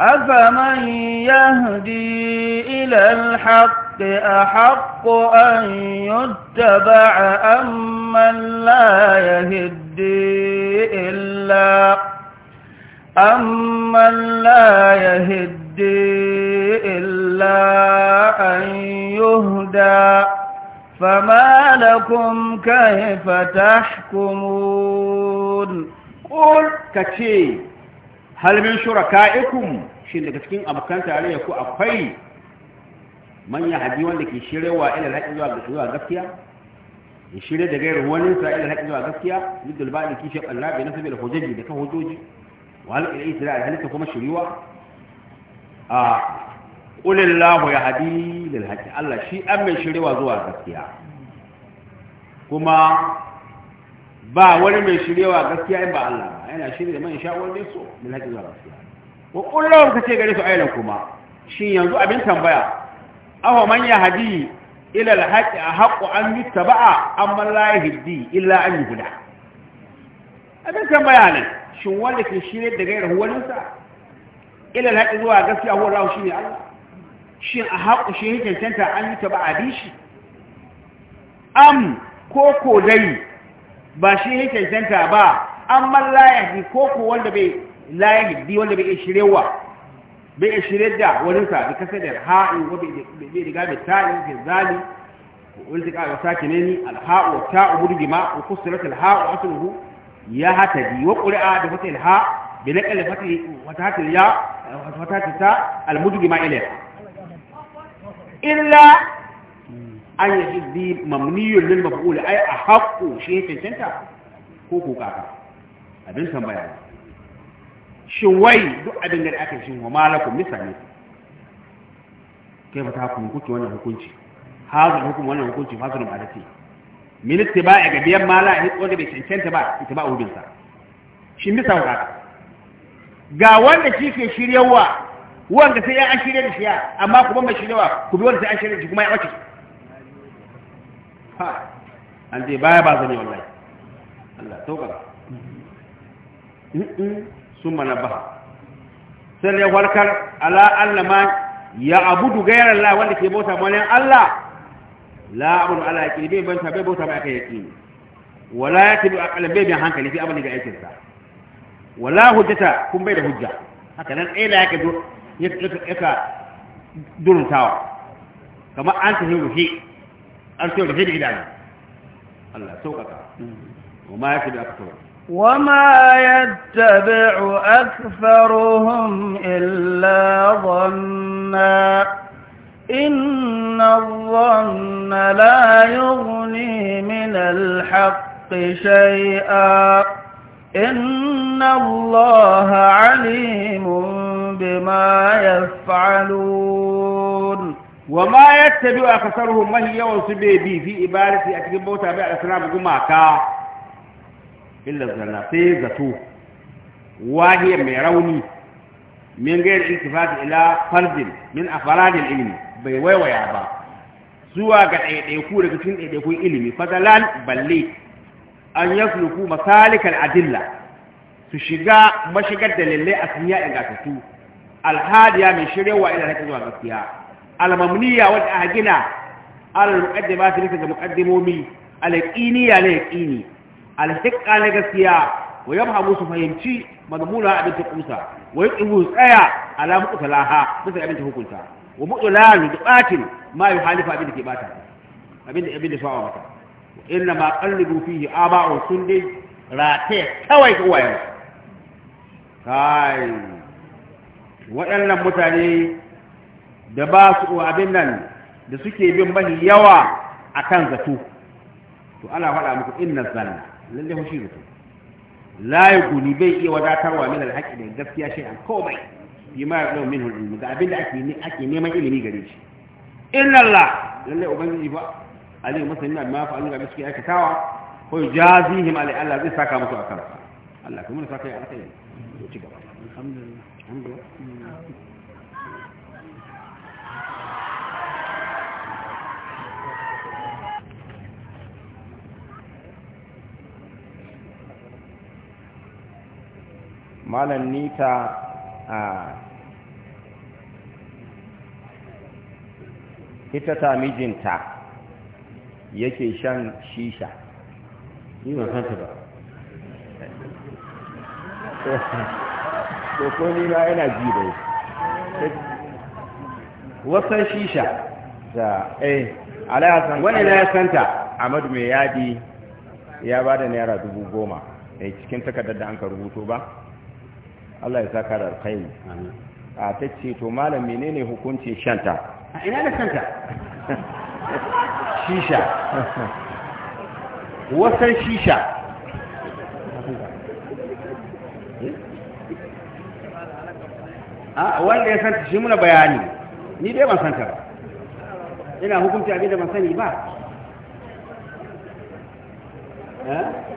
أفمن يهدي إلى الحق أحق أن يتبع أم من لا يهدي إلا أمن لا يهدي إلا أن يهدى فما لكم كيف تحكمون قل كتي هل من شركائكم شين لكتكين أبكان تعليكو أخي من يهدي وانك يشيري وإلى الحق يوى غفتيا يشيري دغير ونسى إلى الحق يوى غفتيا ضد البعض كيشف الله بنسب الحجج بكهجوجي وهل الإسراء هل تكون الشريوة آه قل الله يهدي للهدي الله شيء أمن شريوة زوا غسيا كما با wani mai gaskiya in ba Allah ba yana shirye man sha wanda yaso min haƙi zuwa gaskiya wa kullum ka ce gare su ailan kuma shin yanzu abin tambaya awa man ya hadi ila alhaqi ahqqu an yuttaba'a amma la yahdi illa an guda. abin tambaya ne shin wanda ke shirye daga gairar waninsa ilal haƙi zuwa gaskiya huwa rahu shi ne Allah shin a haƙu shi yi cancanta an yi ta ba a bi shi am ko ko dai ba shi yi cancanta ba an man layahi ko ko wanda bai layahi bi wanda bai wa. bai shirye da waninsa bi kasa da ha'in wa bai riga bai ta'in ke zali والتقاء وساكنين الهاء والتاء مرجمة وكسرت الهاء وأصله ya hatadi wa ƙuri'a da wata ilha bi na fatil wata tatil ya wata tatil ta almujigi ma ilayha illa an yajzi mamniyun lil ai a haƙo shi cancanta ko ko kaka abin san bayan shin wai duk abin da aka shi wa malakum misali kai ba ta hukunci wannan hukunci hazin hukum wannan hukunci hazin ba da ce minista ba a gabiyan mala a hitsuwa da bai cancanta ba ita ba a hudunsa shi mi sauka ga wanda shi ke shiryawa wanda sai ya an shirya da shiya amma kuma mai shiryawa ku bi wanda sai an shirya da shi kuma ya wace. ha an zai baya ba zane wallahi Allah saukara sun mana ba sai ya warkar ala Allah ya abudu gairar Allah wanda ke bauta wani Allah لا أمر على يقين بي بنت بي بوتا بأك يقين ولا يتبع أقل بي بيان حنكني في أبنى جائزة ولا هجة كم بيد هجة هكذا إيه لا يكدو يكا يك يك دون تاو كما أنت هي وهي أنت هي وهي الإدانة الله سوقك وما يتبع أكثر وما يتبع أكثرهم إلا ظنّا إن الظن لا يغني من الحق شيئا إن الله عليم بما يفعلون وما يتبع أكثرهم ما هي وسبيبي في إبارة أكتب بوتا بي أسناب جمعك إلا الزناسي ذاته وهي ميروني من غير التفات إلى فرد من أفراد العلم bai waiwaya ba zuwa ga ɗaiɗaiku daga cikin ɗaiɗaikun ilimi fadalan balle an yasluku masalikal adilla su shiga mashigar dalilai a duniya ingantattu alhadiya mai shirya ila haka zuwa gaskiya almamniya wadda a gina alal muqaddima ta bisa ga muqaddimomi na ne yaqini Alhiƙa na gaskiya wa yabhamu su fahimci madmuna abin ta kusa wa yaqimu tsaya ala muqtalaha bisa abin ta hukunta wa bu'lanu da batin ma yuhalifu abin da ke bata abin da abin da shawa mata inna ma qallibu fihi aba'u sundi rate kawai ko wayan kai waɗannan mutane da ba su abin nan da suke bin mahi yawa akan zato to ana faɗa muku inna zanna lalle hushi zato la yughni bai iya wadatarwa min al da gaskiya an komai bima ya ɗau minhu ilmi ga abinda ake neman ilimi gare shi inna Allah lalle ubangiji ba alim masani na ma fa'alu ga ake tawa ko jazihim alai Allah zai saka musu akan Allah kuma ne saka ya yi to ci gaba alhamdulillah alhamdulillah malam nita ita ta mijinta yake shan shisha yi ba kanta ba ko nima yana ji bai wasan shisha da eh alayasan wani na ya santa amadu mai yadi ya ba da naira dubu goma eh, cikin takardar da an ka rubuto ba Allah ya saka da alkhairi a ta ce to malam menene hukuncin shanta a ina da shanta shisha wasan shisha a ah, wanda ya santa shi muna bayani ni dai ban santa ba ina hukunci abin da ban sani ba eh?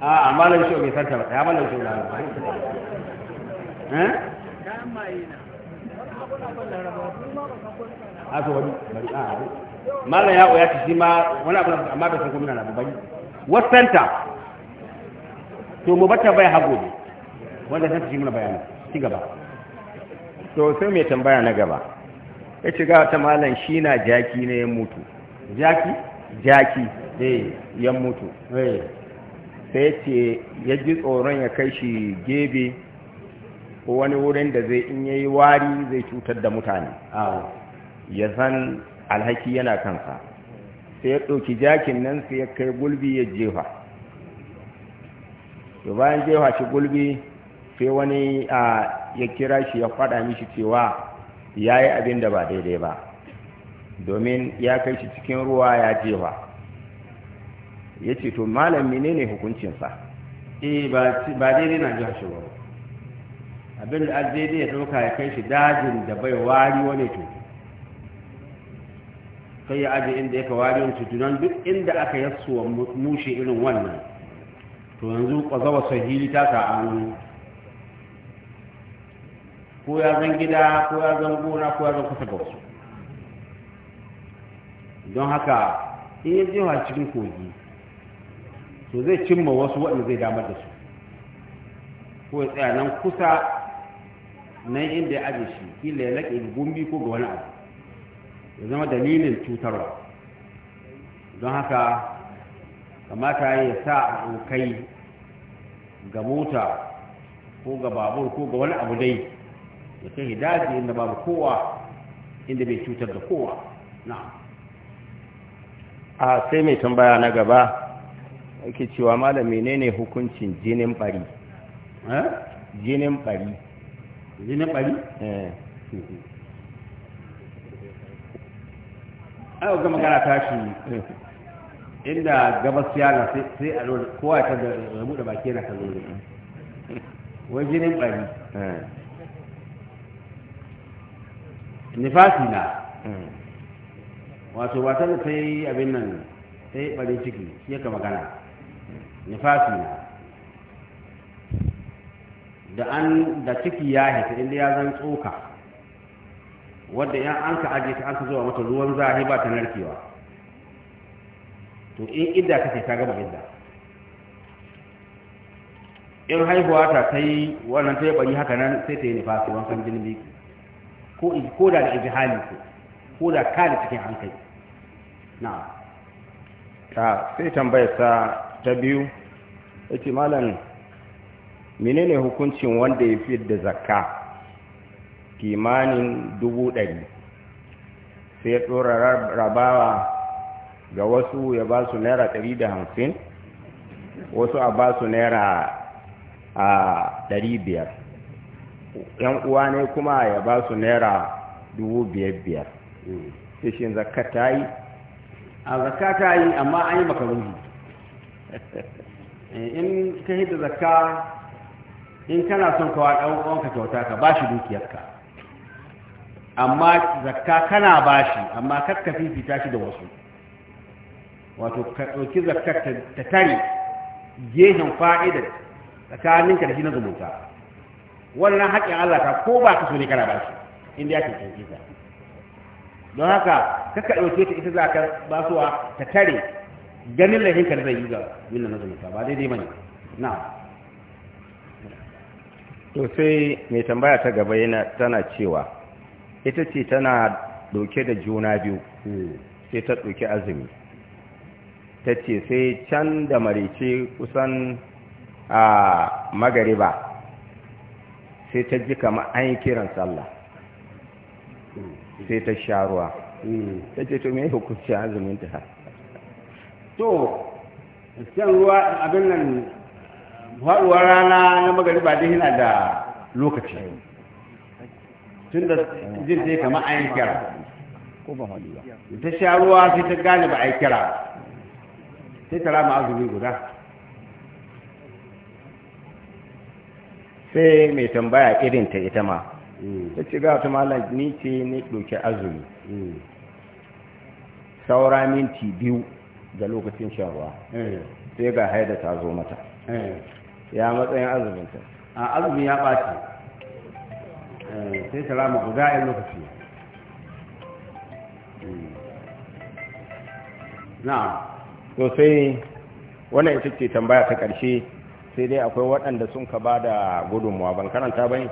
a malam shi bai santa ba ya malam shi ba eh a to wani bari a malam ya oya ta shi ma wani abu amma bai san na bari wasanta to mu bata bai hago ne wanda ta ji muna bayani ci gaba to sai mai tambaya na gaba ya ci ga ta malam shi na jaki ne ya mutu jaki jaki eh ya mutu eh sai ce ya ji tsoron ya kai shi gebe ko wani wurin da zai in yayi wari zai cutar da mutane ya san alhaki yana kansa sai ya ɗauki jakin nan sai ya kai gulbi ya jefa to bayan jefa shi gulbi sai wani ya kira shi ya faɗa mishi cewa ya yi abin da ba daidai ba domin ya kai shi cikin ruwa ya jefa ya ce to malam ne hukuncinsa eh ba daidai na jiha shi ba abin da an daidai ya ɗauka ya kai shi dajin da bai wari wani to. kai ya ajiye inda yaka wari wani cutu duk inda aka wa mushe irin wannan to yanzu ƙwazawa sahili ta ka an ko ya zan gida ko ya zan gona ko ya zan kusa ga wasu don haka in ya jewa cikin kogi to zai cimma wasu waɗanda zai damar da su ko ya tsaya nan kusa nan inda ya aje shi kila ya laƙe da gumbi ko ga wani abu ya zama dalilin cutarwa don haka kamata ya sa abokai ga mota ko ga babur ko ga wani abu dai ya kai daji inda babu kowa inda bai cutar da kowa na a sai mai tambaya na gaba yake cewa malam menene hukuncin jinin bari eh? jinin bari jinin bari eh ai ga magana tashi inda gabas yana sai a lura kowa ta da rabu da baki na kallo ne wai jinin bari eh. nifasi na eh. wato ba ta da sai abin nan sai bari ciki ya yaka magana nifasi da an da ciki ya hita inda ya zan tsoka wadda yan an ka aje ta an ka zuwa mata ruwan zahi ba ta narkewa to in idda kake ka gama idda in haihuwa ta kai wannan ta yi bari haka nan sai ta yi nifasi wankan jinin biki ko ko da da hali ko ko da ka da cikin hankali na ta ah, sai tambayar sa ta biyu ya ce malam menene hukuncin wanda ya fi da zakka kimanin dubu ɗari sai ya tsora rabawa ga wasu ya ba su naira ɗari da hamsin wasu a ba su naira a ɗari biyar yan uwa ne kuma ya ba su naira dubu biyar biyar hmm. sai shi zakka ta yi a zakka ta yi amma an yi makaruhi Eh, in ka da zakka in kana son kawa ɗan ka kyauta ka ba shi dukiyarka amma zakka kana ba shi amma kakka fifita shi da wasu wato ka ɗauki zakkar ta tare gehen fa'idar tsakaninka da shi na zumunta wannan haƙƙin Allah ta ko ba ka so ne kana ba shi inda ya cancanci don haka kaka ɗauke ta ita za ka basuwa ta tare ganin lahin ka zai yi ga na nazarin ba daidai bane na to sai mai tambaya ta gaba yana tana cewa ita ce tana dauke da juna biyu hmm. sai ta dauki azumi ta ce sai can da marice kusan a magariba sai ta ji kama an yi kiran sallah hmm. sai ta sha ruwa hmm. ta ce to mai hukunci azumin ta to shan ruwa abin nan haɗuwar rana na magariba dai yana da lokaci tun da jin sai kama an yi kira ta sha ruwa sai ta gane ba a yi kira sai ta rama azumi guda sai mai tambaya irin ta ita ma mm. ta ce ga wata malar ni ce ni ɗauki azumi mm. saura minti biyu da lokacin shan ruwa eh. sai ga haida ta zo mata eh. ya matsayin azuminta a azumin ya ɓace eh, sai ta rama guda yin lokaci hmm. na to sai wannan ita ce tambaya ta ƙarshe sai dai akwai waɗanda sun ka ba da gudunmuwa ban karanta ba ne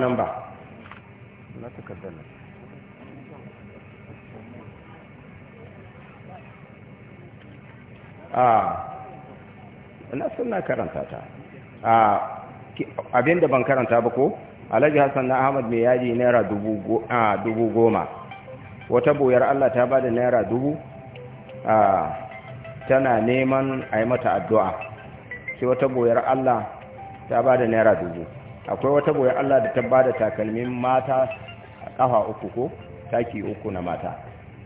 nan ba. na takardar ah, a na suna karanta ta a ah, da ban karanta ba ko alhaji hassan na ahmad mai yaji naira dubu ah, goma wata boyar allah ta ba da naira dubu tana neman a yi mata addu'a sai wata boyar allah ta ba da naira dubu akwai wata boyar allah da ta ba da takalmin mata kafa uku ko taki uku na mata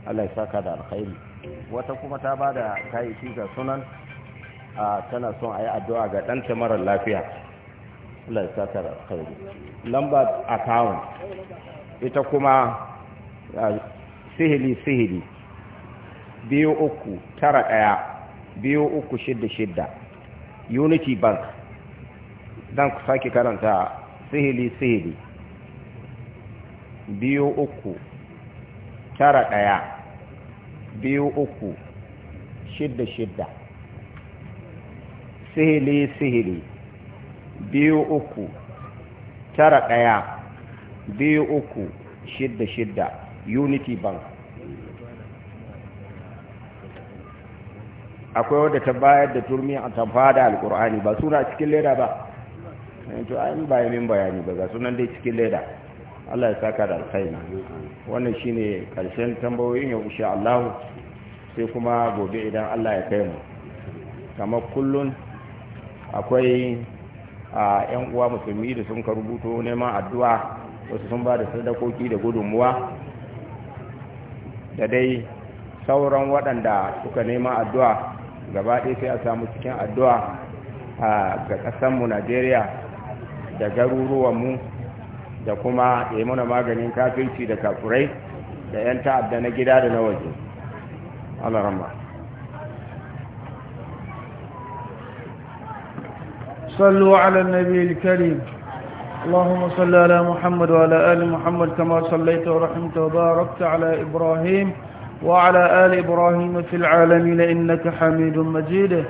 Allah ya saka da alkhairi wata kuma ta bada kayayyaki ga sunan a tana son a yi addu'a ga ɗanta marar lafiya Allah ya saka da alkhairi lamba account ita kuma sihili sihili biyu uku tara ɗaya biyu uku shidda shidda unity bank dan ku sake karanta sihili sihili biyu uku tara ɗaya biyu uku shidda shidda sihili sihili biyu uku tara ɗaya biyu uku shidda shidda unity bank akwai wadda ta bayar da turmi a tamfa da alkur'ani ba suna cikin leda ba eh, to ayin bayanin bayani ba ga sunan dai cikin leda Allah ya saka da alkhaina wannan shine karshen tambayoyin ya insha Allah sai kuma gobe idan Allah ya kai mu kamar kullun akwai a yan uwa musulmi da sun ka neman addu'a wasu sun ba da sadakoki da gudunmuwa da dai sauran waɗanda suka nema addu'a gaba ɗaya sai a samu cikin addu'a ga ƙasarmu najeriya da garuruwanmu da kuma ya yi mana maganin kafinci da kafurai da 'yan ta'adda na gida da na waje alarama sallu alal nabi karim allahumma salli ala muhammad wa ala ali muhammad kama sallaita wa rahimta wa barakta ala ibrahim wa ala ali ibrahim fil alamin innaka hamidun majid